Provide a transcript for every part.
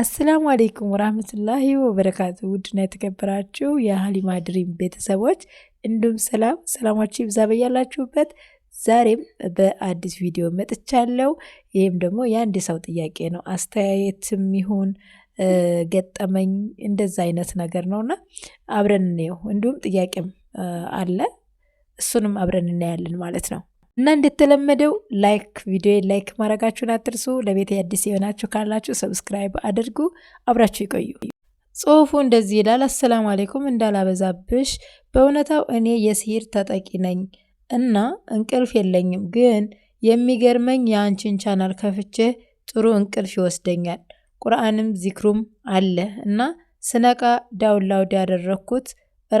አሰላሙ አሌይኩም ወራህመቱላሂ ወበረካቱ። ውድና የተከበራችሁ የሀሊማ ድሪም ቤተሰቦች እንዲሁም ሰላም ሰላማችሁ ይብዛ በያላችሁበት። ዛሬም በአዲስ ቪዲዮ መጥቻለሁ። ይህም ደግሞ የአንድ ሰው ጥያቄ ነው፣ አስተያየትም ይሁን ገጠመኝ እንደዛ አይነት ነገር ነውና አብረን እንየው። እንዲሁም ጥያቄም አለ፣ እሱንም አብረን እናያለን ማለት ነው። እና እንደተለመደው ላይክ ቪዲዮ ላይክ ማድረጋችሁን አትርሱ። ለቤት አዲስ የሆናችሁ ካላችሁ ሰብስክራይብ አድርጉ። አብራችሁ ይቆዩ። ጽሁፉ እንደዚህ ይላል። አሰላሙ አሌይኩም። እንዳላበዛብሽ፣ በእውነታው እኔ የስሂር ተጠቂ ነኝ እና እንቅልፍ የለኝም። ግን የሚገርመኝ የአንቺን ቻናል ከፍቼ ጥሩ እንቅልፍ ይወስደኛል። ቁርአንም ዚክሩም አለ እና ስነቃ ዳውንላውድ ያደረግኩት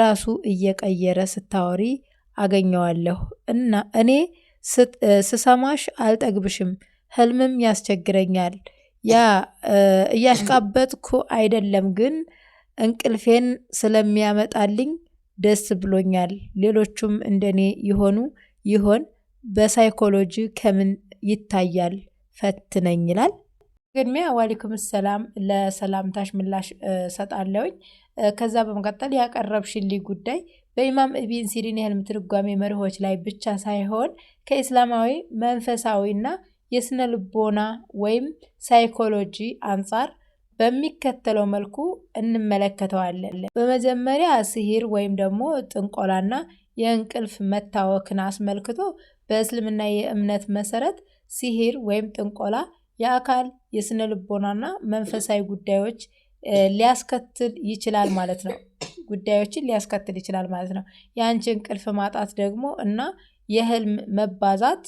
ራሱ እየቀየረ ስታወሪ አገኘዋለሁ እና እኔ ስሰማሽ አልጠግብሽም፣ ህልምም ያስቸግረኛል። ያ እያሽቃበጥኩ አይደለም፣ ግን እንቅልፌን ስለሚያመጣልኝ ደስ ብሎኛል። ሌሎቹም እንደኔ ይሆኑ ይሆን? በሳይኮሎጂ ከምን ይታያል? ፈትነኝ ይላል። ቅድሚያ ዋሊኩም ሰላም ለሰላምታሽ ምላሽ ሰጣለውኝ። ከዛ በመቀጠል ያቀረብሽልኝ ጉዳይ በኢማም እቢን ሲሪን የህልም ትርጓሜ መርሆች ላይ ብቻ ሳይሆን ከእስላማዊ መንፈሳዊና የስነ ልቦና ወይም ሳይኮሎጂ አንጻር በሚከተለው መልኩ እንመለከተዋለን። በመጀመሪያ ስሂር ወይም ደግሞ ጥንቆላና የእንቅልፍ መታወክን አስመልክቶ በእስልምና የእምነት መሰረት ሲሂር ወይም ጥንቆላ የአካል የስነ ልቦናና መንፈሳዊ ጉዳዮች ሊያስከትል ይችላል ማለት ነው። ጉዳዮችን ሊያስከትል ይችላል ማለት ነው። የአንቺ እንቅልፍ ማጣት ደግሞ እና የህልም መባዛት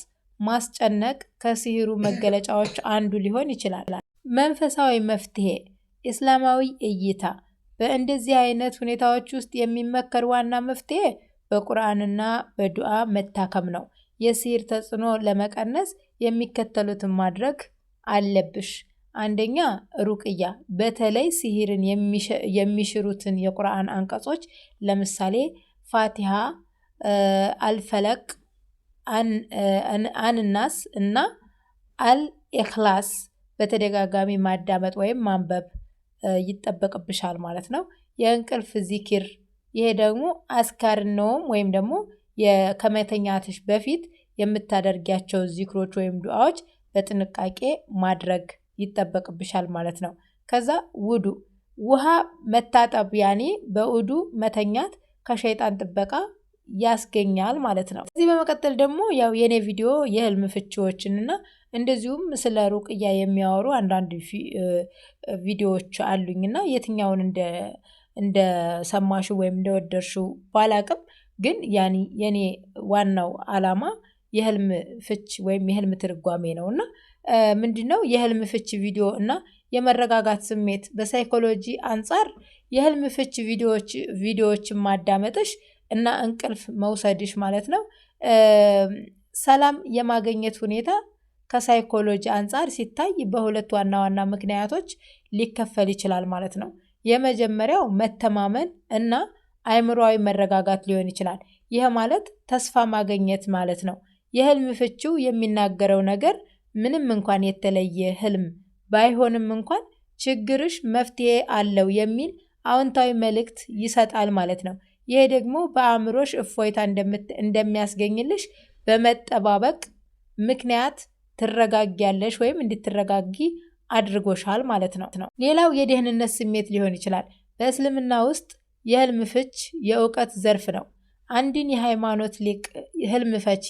ማስጨነቅ ከሲህሩ መገለጫዎች አንዱ ሊሆን ይችላል። መንፈሳዊ መፍትሄ እስላማዊ እይታ በእንደዚህ አይነት ሁኔታዎች ውስጥ የሚመከር ዋና መፍትሄ በቁርአንና በዱዓ መታከም ነው። የሲህር ተጽዕኖ ለመቀነስ የሚከተሉትን ማድረግ አለብሽ። አንደኛ ሩቅያ በተለይ ሲሂርን የሚሽሩትን የቁርአን አንቀጾች ለምሳሌ ፋቲሃ፣ አልፈለቅ፣ አንናስ እና አልኢክላስ በተደጋጋሚ ማዳመጥ ወይም ማንበብ ይጠበቅብሻል ማለት ነው። የእንቅልፍ ዚኪር፣ ይሄ ደግሞ አስካር ነውም ወይም ደግሞ ከመተኛትሽ በፊት የምታደርጊያቸው ዚክሮች ወይም ዱዓዎች በጥንቃቄ ማድረግ ይጠበቅብሻል ማለት ነው። ከዛ ውዱ ውሃ መታጠብ ያኔ በውዱ መተኛት ከሸይጣን ጥበቃ ያስገኛል ማለት ነው። እዚህ በመቀጠል ደግሞ ያው የኔ ቪዲዮ የህልም ፍቺዎችን እና እንደዚሁም ስለ ሩቅያ የሚያወሩ አንዳንድ ቪዲዮዎች አሉኝ እና የትኛውን እንደሰማሹ ወይም እንደወደርሹ ባላቅም ግን ያኔ የኔ ዋናው አላማ የህልም ፍች ወይም የህልም ትርጓሜ ነው እና ምንድን ነው የህልም ፍች ቪዲዮ እና የመረጋጋት ስሜት በሳይኮሎጂ አንጻር የህልም ፍች ቪዲዮዎችን ማዳመጥሽ እና እንቅልፍ መውሰድሽ ማለት ነው ሰላም የማገኘት ሁኔታ ከሳይኮሎጂ አንጻር ሲታይ በሁለት ዋና ዋና ምክንያቶች ሊከፈል ይችላል ማለት ነው። የመጀመሪያው መተማመን እና አይምሮዊ መረጋጋት ሊሆን ይችላል። ይህ ማለት ተስፋ ማግኘት ማለት ነው። የህልም ፍቺው የሚናገረው ነገር ምንም እንኳን የተለየ ህልም ባይሆንም እንኳን ችግርሽ መፍትሄ አለው የሚል አዎንታዊ መልእክት ይሰጣል ማለት ነው። ይሄ ደግሞ በአእምሮሽ እፎይታ እንደሚያስገኝልሽ በመጠባበቅ ምክንያት ትረጋጊያለሽ ወይም እንድትረጋጊ አድርጎሻል ማለት ነው ነው ሌላው የደህንነት ስሜት ሊሆን ይችላል። በእስልምና ውስጥ የህልም ፍች የእውቀት ዘርፍ ነው። አንድን የሃይማኖት ሊቅ ህልም ፈቺ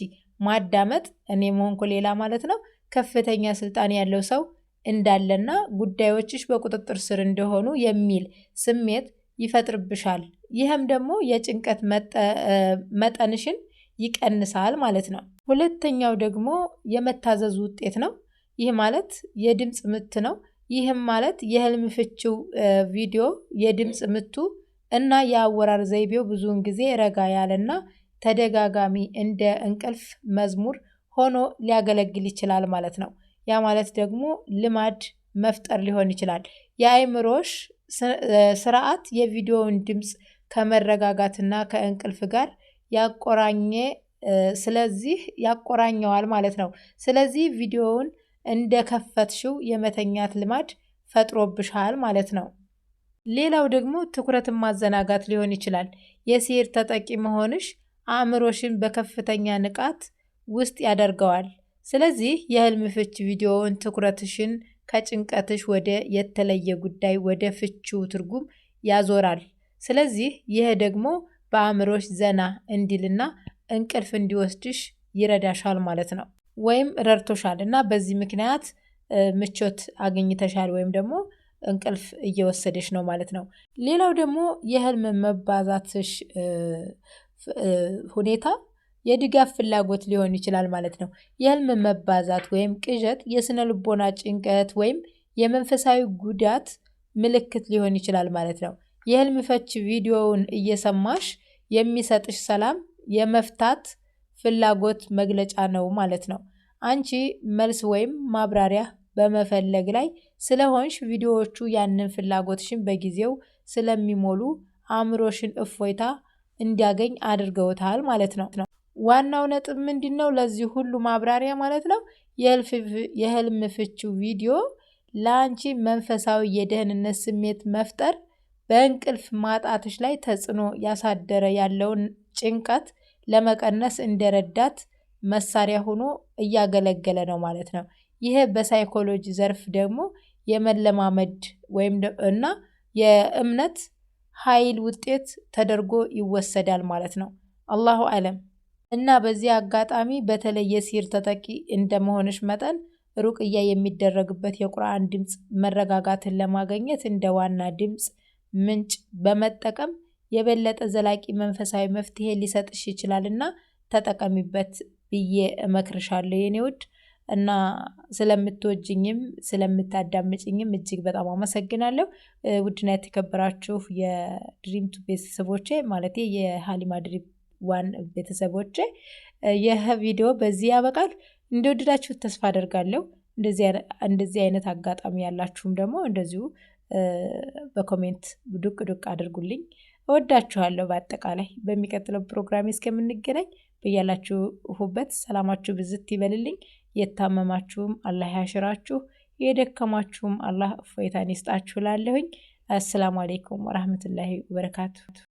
ማዳመጥ እኔ መሆንኩ ሌላ ማለት ነው ከፍተኛ ስልጣን ያለው ሰው እንዳለና ጉዳዮችሽ በቁጥጥር ስር እንደሆኑ የሚል ስሜት ይፈጥርብሻል። ይህም ደግሞ የጭንቀት መጠንሽን ይቀንሳል ማለት ነው። ሁለተኛው ደግሞ የመታዘዙ ውጤት ነው። ይህ ማለት የድምፅ ምት ነው። ይህም ማለት የህልም ፍቺው ቪዲዮ የድምፅ ምቱ እና የአወራር ዘይቤው ብዙውን ጊዜ ረጋ ያለና ተደጋጋሚ እንደ እንቅልፍ መዝሙር ሆኖ ሊያገለግል ይችላል ማለት ነው። ያ ማለት ደግሞ ልማድ መፍጠር ሊሆን ይችላል። የአእምሮሽ ስርዓት የቪዲዮውን ድምፅ ከመረጋጋትና ከእንቅልፍ ጋር ያቆራኘ ስለዚህ ያቆራኘዋል ማለት ነው። ስለዚህ ቪዲዮውን እንደከፈትሽው የመተኛት ልማድ ፈጥሮብሻል ማለት ነው። ሌላው ደግሞ ትኩረትን ማዘናጋት ሊሆን ይችላል። የሲር ተጠቂ መሆንሽ አእምሮሽን በከፍተኛ ንቃት ውስጥ ያደርገዋል። ስለዚህ የህልም ፍች ቪዲዮውን ትኩረትሽን ከጭንቀትሽ ወደ የተለየ ጉዳይ ወደ ፍቺው ትርጉም ያዞራል። ስለዚህ ይህ ደግሞ በአእምሮሽ ዘና እንዲልና እንቅልፍ እንዲወስድሽ ይረዳሻል ማለት ነው፣ ወይም ረድቶሻል እና በዚህ ምክንያት ምቾት አግኝተሻል ወይም ደግሞ እንቅልፍ እየወሰደሽ ነው ማለት ነው። ሌላው ደግሞ የህልም መባዛትሽ ሁኔታ የድጋፍ ፍላጎት ሊሆን ይችላል ማለት ነው። የህልም መባዛት ወይም ቅዠት የስነ ልቦና ጭንቀት ወይም የመንፈሳዊ ጉዳት ምልክት ሊሆን ይችላል ማለት ነው። የህልም ፈች ቪዲዮውን እየሰማሽ የሚሰጥሽ ሰላም የመፍታት ፍላጎት መግለጫ ነው ማለት ነው። አንቺ መልስ ወይም ማብራሪያ በመፈለግ ላይ ስለሆንሽ ቪዲዮዎቹ ያንን ፍላጎትሽን በጊዜው ስለሚሞሉ አእምሮሽን እፎይታ እንዲያገኝ አድርገውታል ማለት ነው። ዋናው ነጥብ ምንድን ነው? ለዚህ ሁሉ ማብራሪያ ማለት ነው የህልም ፍቺው ቪዲዮ ለአንቺ መንፈሳዊ የደህንነት ስሜት መፍጠር፣ በእንቅልፍ ማጣቶች ላይ ተጽዕኖ ያሳደረ ያለውን ጭንቀት ለመቀነስ እንደረዳት መሳሪያ ሆኖ እያገለገለ ነው ማለት ነው። ይሄ በሳይኮሎጂ ዘርፍ ደግሞ የመለማመድ ወይም እና የእምነት ኃይል ውጤት ተደርጎ ይወሰዳል ማለት ነው። አላሁ አለም እና በዚህ አጋጣሚ በተለይ የሲር ተጠቂ እንደመሆንሽ መጠን ሩቅያ የሚደረግበት የቁርአን ድምፅ መረጋጋትን ለማገኘት እንደ ዋና ድምፅ ምንጭ በመጠቀም የበለጠ ዘላቂ መንፈሳዊ መፍትሄ ሊሰጥሽ ይችላል እና ተጠቀሚበት ብዬ እመክርሻለሁ የኔ ውድ። እና ስለምትወጅኝም ስለምታዳምጭኝም እጅግ በጣም አመሰግናለሁ። ውድና የተከበራችሁ የድሪም ቱ ቤተሰቦቼ ማለት የሃሊማ ድሪም ዋን ቤተሰቦቼ ይህ ቪዲዮ በዚህ ያበቃል። እንደወደዳችሁት ተስፋ አደርጋለሁ። እንደዚህ አይነት አጋጣሚ ያላችሁም ደግሞ እንደዚሁ በኮሜንት ዱቅ ዱቅ አድርጉልኝ። እወዳችኋለሁ። በአጠቃላይ በሚቀጥለው ፕሮግራሜ እስከምንገናኝ በያላችሁበት ሰላማችሁ ብዝት ይበልልኝ። የታመማችሁም አላህ ያሽራችሁ፣ የደከማችሁም አላህ እፎይታን ይስጣችሁ። ላለሁኝ አሰላሙ አሌይኩም ወራህመቱላሂ ወበረካቱ።